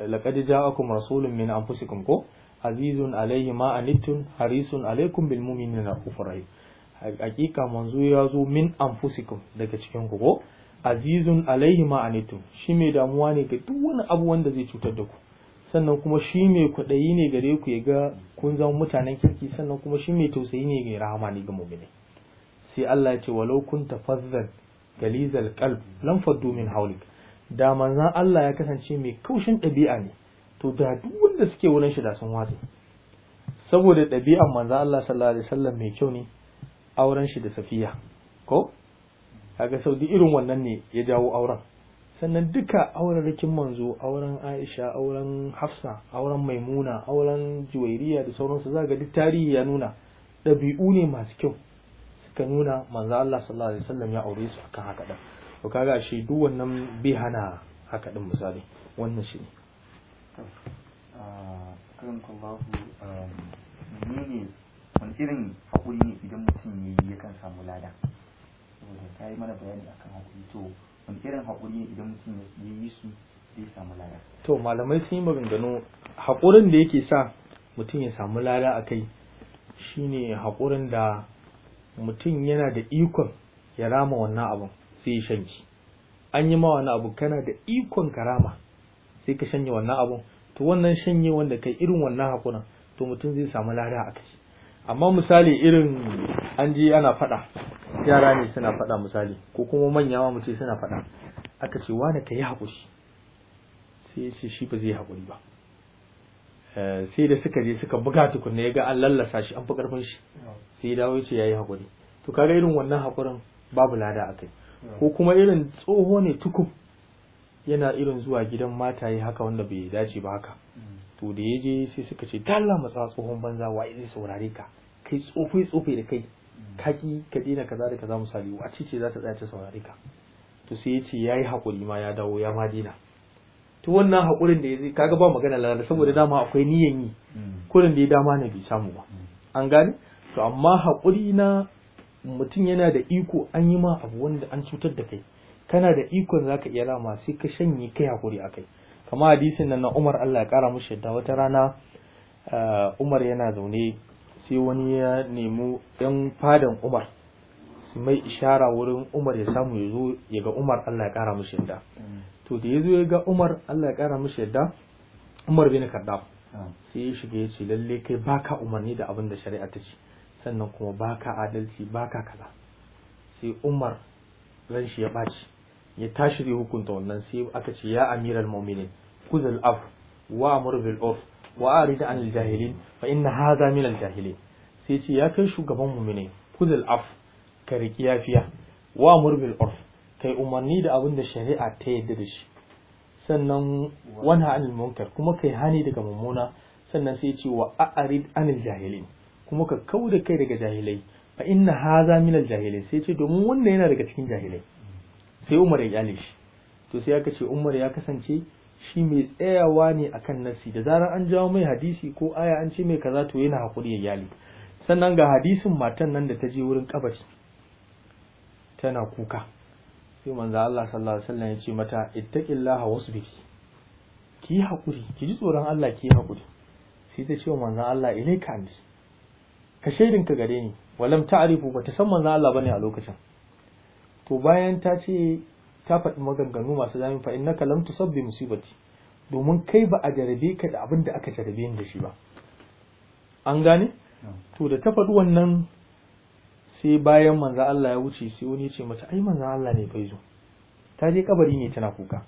laqad ja'akum rasulun min anfusikum ko azizun alayhi ma anittun harisun alaykum bil mu'minina rahufur hakika manzo ya zo min anfusikum daga cikin ku ko azizun alaihi ma'anitum shi mai damuwa ne ga duk wani abu wanda zai cutar da ku sannan kuma shi mai kwaɗayi ne gare ku ya ga kun zama mutanen kirki sannan kuma shi mai tausayi ne ga rahama ne ga mu'mini sai Allah ya ce walau kun tafazzal galizal qalb lam faddu min hawlik da manzon Allah ya kasance mai kaushin ɗabi'a ne to da duk wanda suke wurin shi da sun watsa saboda ɗabi'an manzon Allah sallallahu alaihi wasallam mai kyau ne auren shi da Safiya ko kaga saudi irin wannan ne ya jawo auren sannan duka aurarrakin manzo auren aisha auren hafsa auren maimuna auren juwairiya da sauransu za ga duk tarihi ya nuna ɗabi'u ne masu kyau suka nuna manzo Allah sallallahu alaihi wasallam ya aure su akan haka din to kaga shi duk wannan bai hana haka ɗin misali wannan shi ne um, wani irin haƙuri ne idan mutum ya yi yakan samu lada ta yi mana bayani akan hakuri to wani irin haƙuri ne idan mutum ya yi su zai samu lada to malamai sun yi maganganu haƙurin da yake sa mutum ya samu lada a kai shine hakurin da mutum yana da ikon ya rama wannan abun sai ya shanki an yi ma wani abu kana da ikon ka rama sai ka shanye wannan abun to wannan shanye wanda kai irin wannan hakurin to mutum zai samu lada a kai amma misali irin an je ana faɗa yara ne suna faɗa misali ko kuma manya ma mutum suna faɗa aka ce wani ka yi haƙuri sai ya ce shi ba zai haƙuri ba eh, sai da suka je suka buga tukunna ya ga an lallasa shi an fi ƙarfin shi sai dawo ya ce ya yi haƙuri to kaga irin wannan hakurin babu lada a kai ko kuma irin tsoho ne tukub yana irin zuwa gidan mata mataye haka wanda bai dace ba haka to da ya je sai suka ce dalla matsa tsohon banza wa zai saurare ka kai tsofai tsofai da kai kaki ka dina kaza da kaza misali wa ce za ta tsaya ta saurare ka to sai ya ce yayi hakuri ma ya dawo ya ma dina to wannan hakurin da ya yayi kaga ba magana lalata saboda dama akwai niyan yi mm. kurin da ya dama na bi samu ba mm. an gane to amma hakuri na mutum yana da iko an yi ma abu wanda an cutar da kai kana da ikon za ka iya rama sai ka shanye kai hakuri akai kama hadisin nan na Umar Allah ya kara mushi da wata rana eh, Umar yana zaune sai wani ya nemo yan fadan umar su mai ishara wurin umar ya samu ya zo ya ga umar allah ya ƙara mishi yadda to da ya zo ya ga umar allah ya ƙara mishi yadda umar bin kaddaf ah. sai ya shiga ya ce lalle kai baka umarni da abin da shari'a ta ce sannan kuma baka adalci baka kaza sai umar ran shi ya ɓaci ya tashi zai hukunta wannan sai aka ce ya amiral mu'minin kuzul af wa amur bil wa arida anil jahilin fa inna hadha min al jahilin sai ce ya kai shugaban mu'mini kuzil af ka riki yafiya wa murbil urf kai umarni da abin da shari'a ta yadda da shi sannan wanha anil munkar kuma kai hani daga mummuna sannan sai ce wa a'rid jahilin kuma ka kauda kai daga jahilai fa inna hadha min al jahilin sai ce domin wannan yana daga cikin jahilai sai Umar ya kyale shi to sai ya ce Umar ya kasance shi mai tsayawa ne akan nasi da zarar an jawo mai hadisi ko aya an ce mai kaza to yana hakuri ya yali sannan ga hadisin matan nan da ta je wurin kabari tana kuka sai manzo Allah sallallahu alaihi wasallam ya ce mata ittaqillaha wasbiki ki haƙuri? ki ji tsoron Allah ki hakuri sai ta ce manzo Allah ilaika andi ka shaidin ka gare ni walam ta'rifu bata san manzo Allah bane a lokacin to bayan ta ce ka faɗi maganganu masu zamin fa innaka lam tusab bi musibati domin kai ba a jarabe ka da abin da aka jarabe ni da shi ba an gane to da ta faɗi wannan sai bayan manzo Allah ya wuce sai wani ya ce mata ai manzo Allah ne bai zo ta je kabari ne tana kuka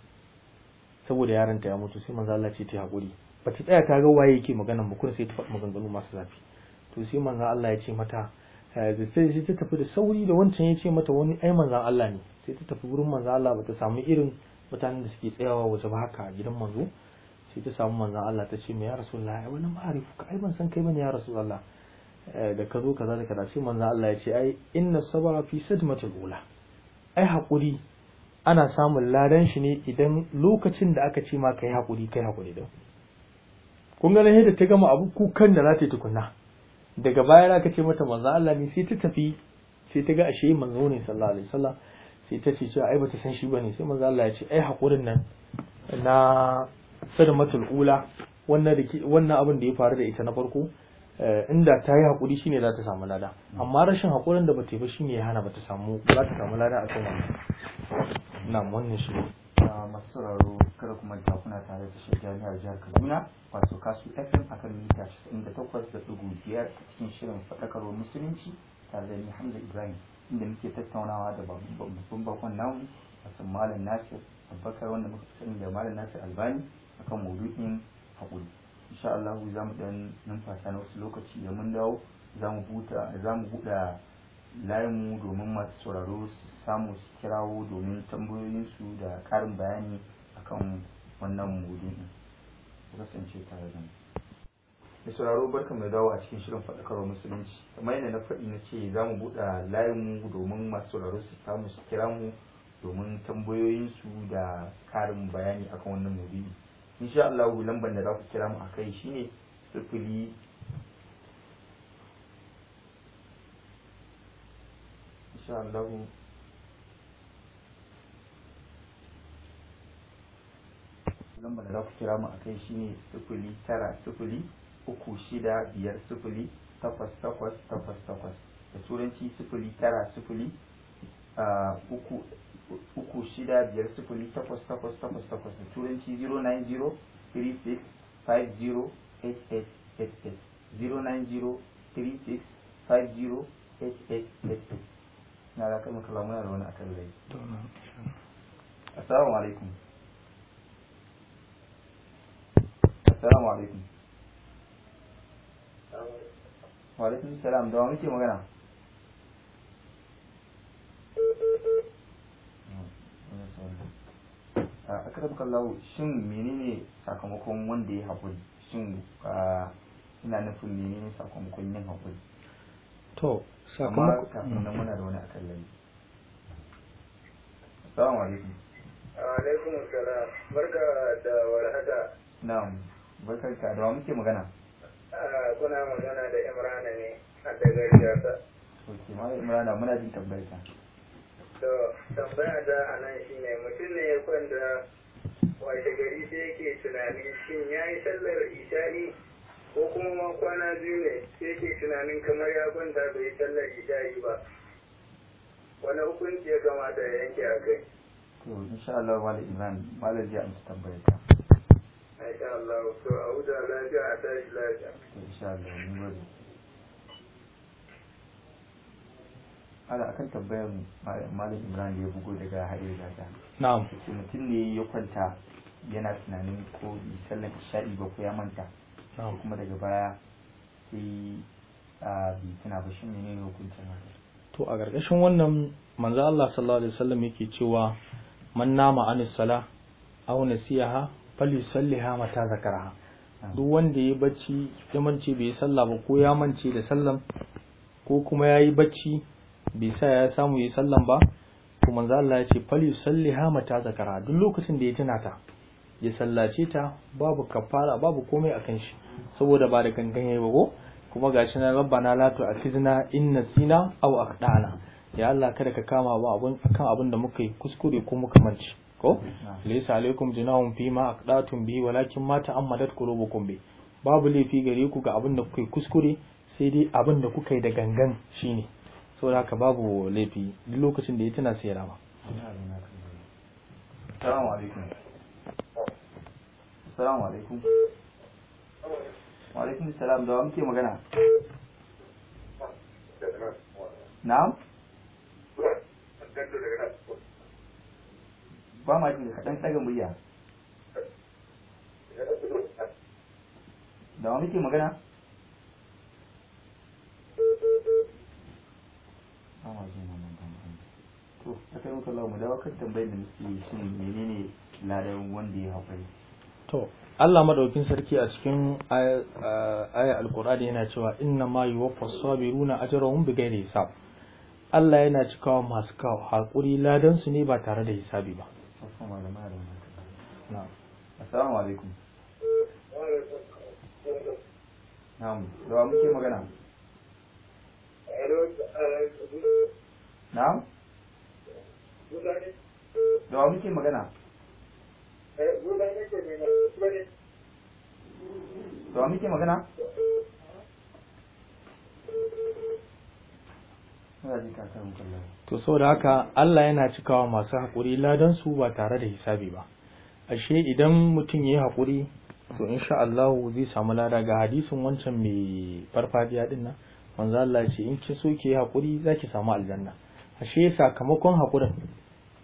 saboda yaranta ya mutu sai manzo Allah ce ta hakuri ba ta tsaya ta ga waye yake maganar ba kun sai ta faɗi maganganu masu zafi to sai manzo Allah ya ce mata sai ta tafi da sauri da wancan ya ce mata wani ai manzo Allah ne sai ta tafi wurin manzo Allah bata samu irin mutanen da suke tsayawa waje ba haka a gidan manzo sai ta samu manzo Allah ta ce mai ya rasulullahi wani ma'arifu ka ai ban san kai bane ya rasulullah eh, da ka zo kaza da kaza sai manzo Allah ya ce ai inna sabra fi sadmatil ula ai hakuri ana samun ladan shi ne idan lokacin da aka ce ma kai hakuri kai hakuri da kun ga ne da ta gama abu kukan da za ta yi tukunna daga baya ka ce mata manzo Allah ne sai ta tafi sai ta ga ashe manzo ne sallallahu alaihi wasallam sai ta ce cewa ai bata san shi bane sai manzo Allah ya ce ai hakurin nan na sadmatul ula wannan wannan abin da ya faru da ita na farko eh, inda ta yi hakuri shine za ta samu lada amma rashin hakurin da bata yi ba shine ya hana bata samu za ta samu lada a kan wannan na wannan shi a ah, masararo kar kuma ta kuna tare da shi jami'ar jihar Kaduna wato kasu FM akan mita 98.5 a cikin shirin fadakarwar musulunci tare da Muhammad Hamza Ibrahim inda muke tattaunawa da babban bakon namu wasu malam nasir abubakar wanda muka sani da malam nasir albani a kan maudu'in haƙuri insha Allah za mu dan numfasa na wasu lokaci da mun dawo za mu buta za mu buɗa layinmu domin masu sauraro su samu su kirawo domin tambayoyinsu da ƙarin bayani akan wannan maudu'in kasance tare da mu mai sauraro barka mai dawo a cikin shirin faɗakarwa musulunci kamar yadda na faɗi na ce za mu buɗe layinmu domin masu sauraro su samu su kira mu domin tambayoyinsu da karin bayani akan wannan maudu'i insha Allah lambar da za ku kira mu a kai shine sifili insha Allah lambar da za ku kira mu a kai shine sifili tara sifili uku shida biyar sifili takwas takwas takwas takwas da turanci sifili tara sifili uku shida biyar sifili takwas takwas takwas da turanci 090 36 50 88 88 090 36 50 88 na da kai muna da wani rai assalamu alaikum alaikum wa alaikum salam da wa muke magana a karam kallahu shin ne sakamakon wanda ya haƙuri shin ina nufin menene sakamakon yin haƙuri to sakamakon kafin nan muna da wani akan lalle assalamu alaikum alaikum assalam barka da warhaka na'am barka da wa muke magana kuna magana da imrana ne a daga riyasa ok ma imrana muna jin tambayar ta to tambaya da a nan shi ne mutum ne ya kwanta washe gari sai yake tunanin shin ya yi sallar isha'i ko kuma ma kwana biyu ne sai yake tunanin kamar ya kwanta bai yi sallar isha'i ba wani hukunci ya kamata ya yanke a kai to insha Allah malam Imran malam ji amsa tambayar ta insha Allah so a huta a tashi lafiya insha Allah mun gode ala akan tambayar malam Imran da ya bugo daga Haɗe Lada na'am mutum ne ya kwanta yana tunanin ko bi sallar isha'i ba ko ya manta kuma daga baya sai a bi tana ba shi menene hukuncin to a gargashin wannan manzo Allah sallallahu alaihi wasallam yake cewa man nama anis sala aw nasiyaha falyusalliha mata zakaraha duk wanda ya bacci ya mance bai sallah ba ko ya mance da sallan ko kuma ya yi bacci bai sa ya samu ya sallan ba to manzo Allah ya ce falisalliha mata zakara duk lokacin da ya tuna ta ya sallace ta babu kafara babu komai akan shi saboda ba da gangan yayi ba ko kuma gashi na rabbana la tu'akhizna in nasina aw akhtana ya Allah kada ka kama ba abun akan abin da muka yi kuskure ko muka manci ko laysa alaikum junahun fi ma aqdatum bi walakin ma ta'ammadat qulubukum bi babu laifi gare ku ga abin da kuka kuskure sai dai abin da kuka yi da gangan shine saboda haka babu laifi duk lokacin da ya tana sai rama assalamu alaikum assalamu alaikum wa alaikum da muke magana na'am ba ma jin kaɗan ɗaga murya da wa muke magana ba ma jin wannan to akai muka lawa mu dawo kan tambayar da muke shin menene ladan wanda ya haƙuri to Allah madaukin sarki a cikin ayar alkur'ani yana cewa inna ma wa sabiruna ajrahum bighairi hisab Allah yana cikawa masu kawo haƙuri ladansu ne ba tare da hisabi ba wasu malamai na alaikum na'am da muke magana na'am da muke magana eh, da muke magana to saboda haka Allah yana cikawa masu haƙuri ladan su ba tare da hisabi ba ashe idan mutum ya yi haƙuri to insha Allah zai samu lada ga hadisin wancan mai farfajiya din nan manzo Allah ce in kin so ki yi haƙuri zaki samu aljanna ashe sakamakon haƙurin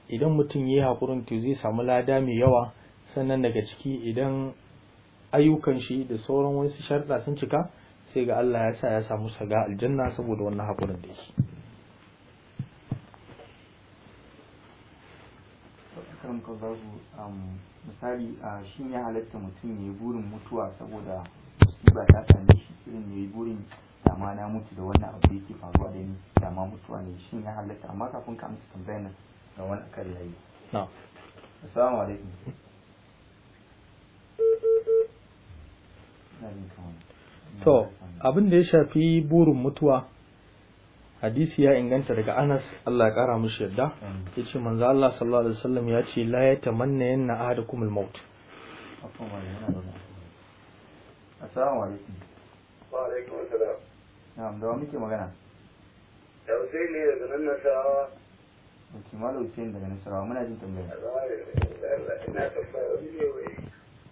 idan mutum ya yi haƙurin to zai samu lada mai yawa sannan daga ciki idan ayyukan shi da sauran wasu sharɗa sun cika sai ga Allah ya sa ya samu saga aljanna saboda wannan haƙurin da yake ustazu um, misali a shin ya halatta mutum ya yi burin mutuwa saboda musiba ta same shi irin ya yi burin dama na mutu da wannan abu da yake faruwa da ni dama mutuwa ne shi ya halatta amma kafin ka amsa tambayar nan ga wani akan yayi assalamu alaikum to abin da ya shafi burin mutuwa hadisi ya inganta daga Anas Allah ya kara mushi yadda yace manzo Allah sallallahu alaihi wasallam ya ce la tamanna yanna ahadukum al-maut Assalamu alaikum Wa alaikum assalam Na'am da muke magana Da Hussein ne daga nan Nasarawa Ok Malam Hussein daga Nasarawa muna jin tambaya Ina tafiya wani ne wai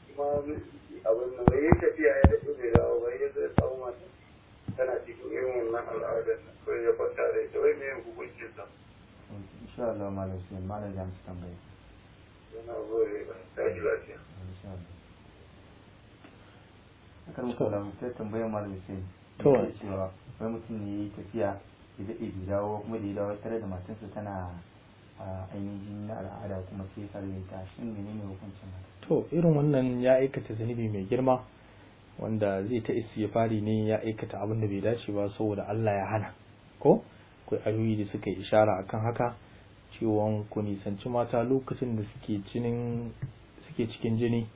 kuma abin da wai tafiya ya tafi bai dawo wai ya tsawo masu tana cikin irin wannan al'adar ko ya kwanta da ita wai mai hukuncin sa. insha Allah malam sai malam ya musu tambaya. yana gore ba ta ji lafiya. akan muka da mutum tambayar malam sai. to wa cewa wai mutum ne ya yi tafiya ya daɗe bai dawo kuma da ya dawo tare da matarsa tana ainihin na al'ada kuma sai ta rinta shin menene hukuncin to irin wannan ya aikata zunubi mai girma wanda zai ta fari ne ya aikata abin da bai dace ba saboda Allah ya hana ko akwai ayoyi da suka ishara akan haka cewa ku nisanci mata lokacin da suke cinin suke cikin jini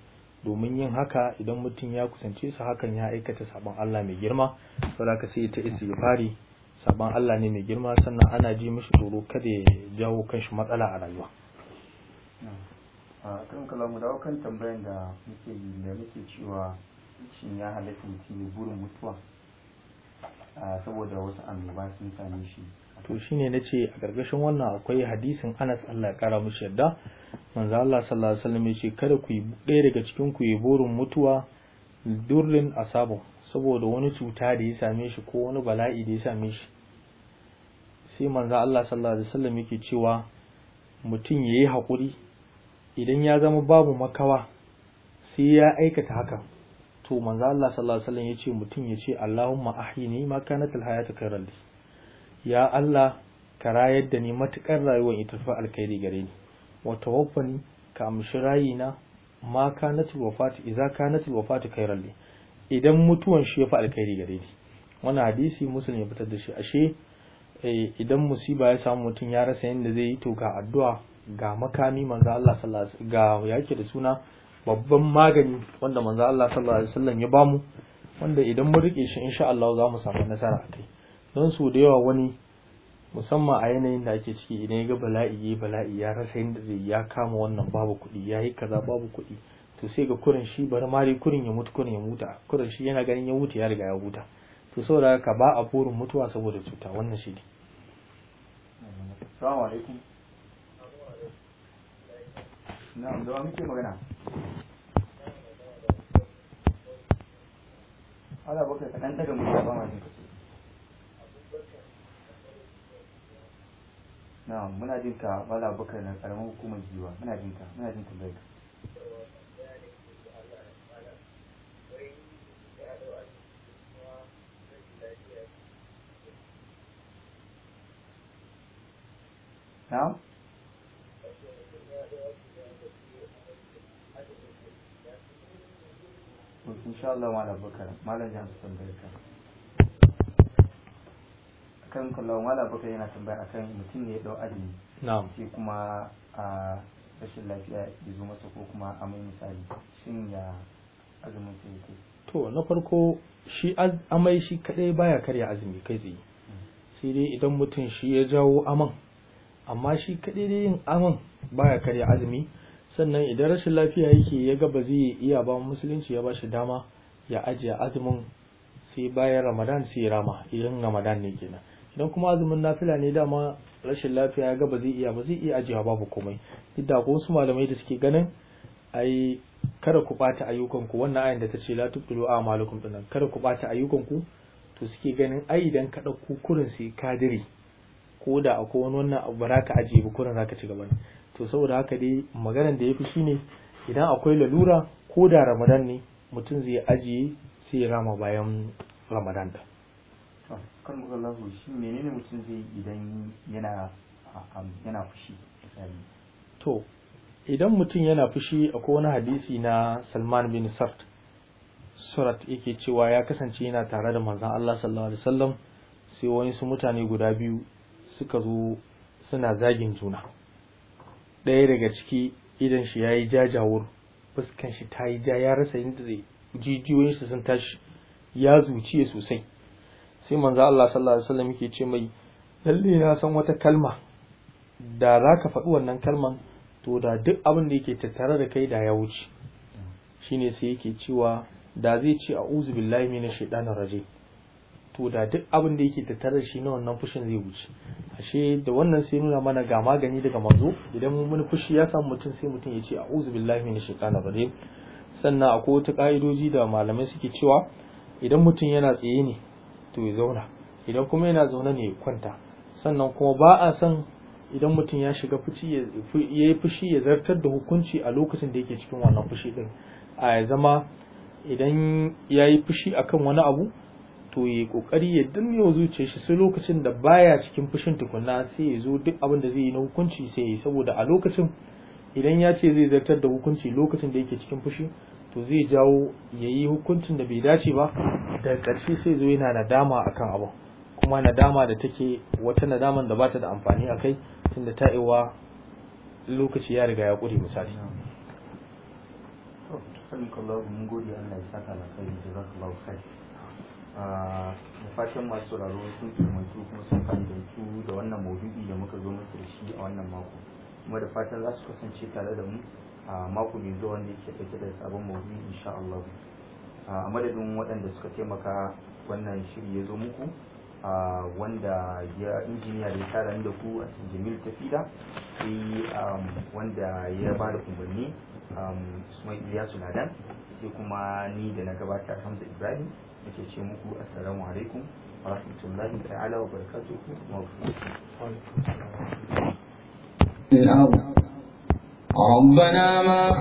domin yin haka idan mutum ya kusance su hakan ya aikata sabon Allah mai girma saboda ka sai ta fari sabon Allah ne mai girma sannan ana ji mishi tsoro kada ya jawo kanshi matsala a rayuwa a kan kalamu da kan tambayan da muke yi da muke cewa shin ya halatta mutum ya burin mutuwa saboda wasu annoba sun same shi to shine na ce a gargashin wannan akwai hadisin anas allah kara mu yadda manzo allah sallallahu alaihi wasallam ya ce kada ku yi ɗaya daga cikin ku yi burin mutuwa durrin asabo saboda wani cuta da ya same shi ko wani bala'i da ya same shi sai manzo allah sallallahu alaihi wasallam yake cewa mutum yi haƙuri? idan ya zama babu makawa sai ya aikata haka to manzo Allah sallallahu alaihi wasallam yace mutum yace Allahumma ahyini ma kanat alhayatu khairan li ya Allah ka rayar da ni matukar rayuwar ita fa alkhairi gare ni wa tawaffani ka amshi rayina ma kanat alwafatu idza kanat alwafatu li idan mutuwan shi ya fa alkhairi gare ni wannan hadisi muslim ya fitar da shi ashe eh, idan musiba ya samu mutum ya rasa yadda zai yi to ga addu'a ga makami manzo Allah sallallahu alaihi ga yake da suna babban magani wanda manzo Allah sallallahu alaihi wasallam ya bamu wanda idan mun rike shi insha Allah za mu samu nasara a kai don su da yawa wani musamman a yanayin da ake ciki idan ya ga bala'i ya bala'i ya rasa inda zai ya kama wannan babu kuɗi ya yi kaza babu kuɗi to sai ga kurin shi bar mari kurin ya mutu kurin ya muta kurin shi yana ganin ya wuce ya riga ya huta to saboda ka ba a burin mutuwa saboda cuta wannan shi ne na'am da muke magana Allah baka ka dan daga mutum ba mai kasu na muna jin ka wala baka na karamin hukumar jiwa muna jin ka muna jin tambayar ka Now? insha Allah malam bakar malam ya san barka kan kullum malam bakar yana tambaya akan mutum ne ya dau azumi kuma a rashin lafiya ya zo masa ko kuma a mai misali shin ya azumin sai yake to na farko shi amai shi kadai baya karya azumi kai tsaye sai dai idan mutum shi ya jawo aman amma shi kadai dai yin aman baya karya azumi sannan idan rashin lafiya yake ya ga ba zai iya ba musulunci ya ba shi dama ya ajiye azumin sai bayan ramadan sai rama idan ramadan ne kenan idan kuma azumin nafila ne dama rashin lafiya ya ga ba zai iya ba zai iya ajiyewa babu komai duk da ko wasu malamai da suke ganin ai kada ku bata ayyukan ku wannan ayin da ta ce la a malukum dinan kada ku bata ayyukan ku to suke ganin ai idan ka dauko kurin sai kadiri ko da akwai wani wannan abu ba ka ajiye ba kurin za ka ci gaba ne to saboda haka dai maganar da yafi shine idan akwai lalura ko da ramadan ne mutum zai ajiye sai ya rama bayan ramadan da kan shi menene mutum zai idan yana yana fushi to idan mutum yana fushi akwai wani hadisi na salman bin sart surat yake cewa ya kasance yana tare da manzon Allah sallallahu alaihi wasallam sai wani su mutane guda biyu suka zo suna zagin juna ɗaya daga ciki idan shi yayi jajawur fuskan shi ta yi ja ya rasa yin zai jijiyoyin shi sun tashi ya zuciye sosai sai manzo Allah sallallahu alaihi wasallam yake ce mai lalle na san wata kalma da za ka faɗi wannan kalman to da duk abin da yake tattare da kai da ya wuce shine sai yake cewa da zai ce a'udhu billahi minash shaitanir rajim to da duk abin da yake tattare da shi na wannan fushin zai wuce ashe da wannan sai nuna mana ga magani daga manzo idan mun fushi ya samu mutum sai mutum ya ce a'udhu billahi minash shaitanir rajim sannan akwai wata ka'idoji da malamai suke cewa idan mutum yana tsaye ne to ya zauna idan kuma yana zaune ne ya kwanta sannan kuma ba a son idan mutum ya shiga fushi ya yi fushi ya zartar da hukunci a lokacin da yake cikin wannan fushi din a ya zama idan ya yi fushi akan wani abu to ya kokari ya danne zuciyar shi sai lokacin da baya cikin fushin tukunna sai ya zo duk abin da zai yi na hukunci sai ya yi saboda a lokacin idan ya ce zai zartar da hukunci lokacin da yake cikin fushi to zai jawo ya yi hukuncin da bai dace ba da ƙarshe sai zo yana nadama akan abu kuma nadama da take wata nadaman da bata da amfani a kai tunda ta iwa lokaci ya riga ya ƙure misali mun gode Allah ya saka fashin masu sauraro sun kimatu kuma sun da wannan maudu'i da muka zo musu da shi a wannan mako kuma da fatan za su kasance tare da mu a mako mai zuwa wanda yake ɗauke da sabon maudu'i insha Allah a madadin waɗanda suka taimaka wannan shiri ya zo muku wanda ya injiniya da ya tara da ku a jamil tafida sai wanda ya ba da umarni usman iliyasu ladan sai kuma ni da na gabata hamza ibrahim nake ce muku assalamu alaikum wa rahmatullahi ta'ala wa barakatuhu wa barakatuhu ربنا ما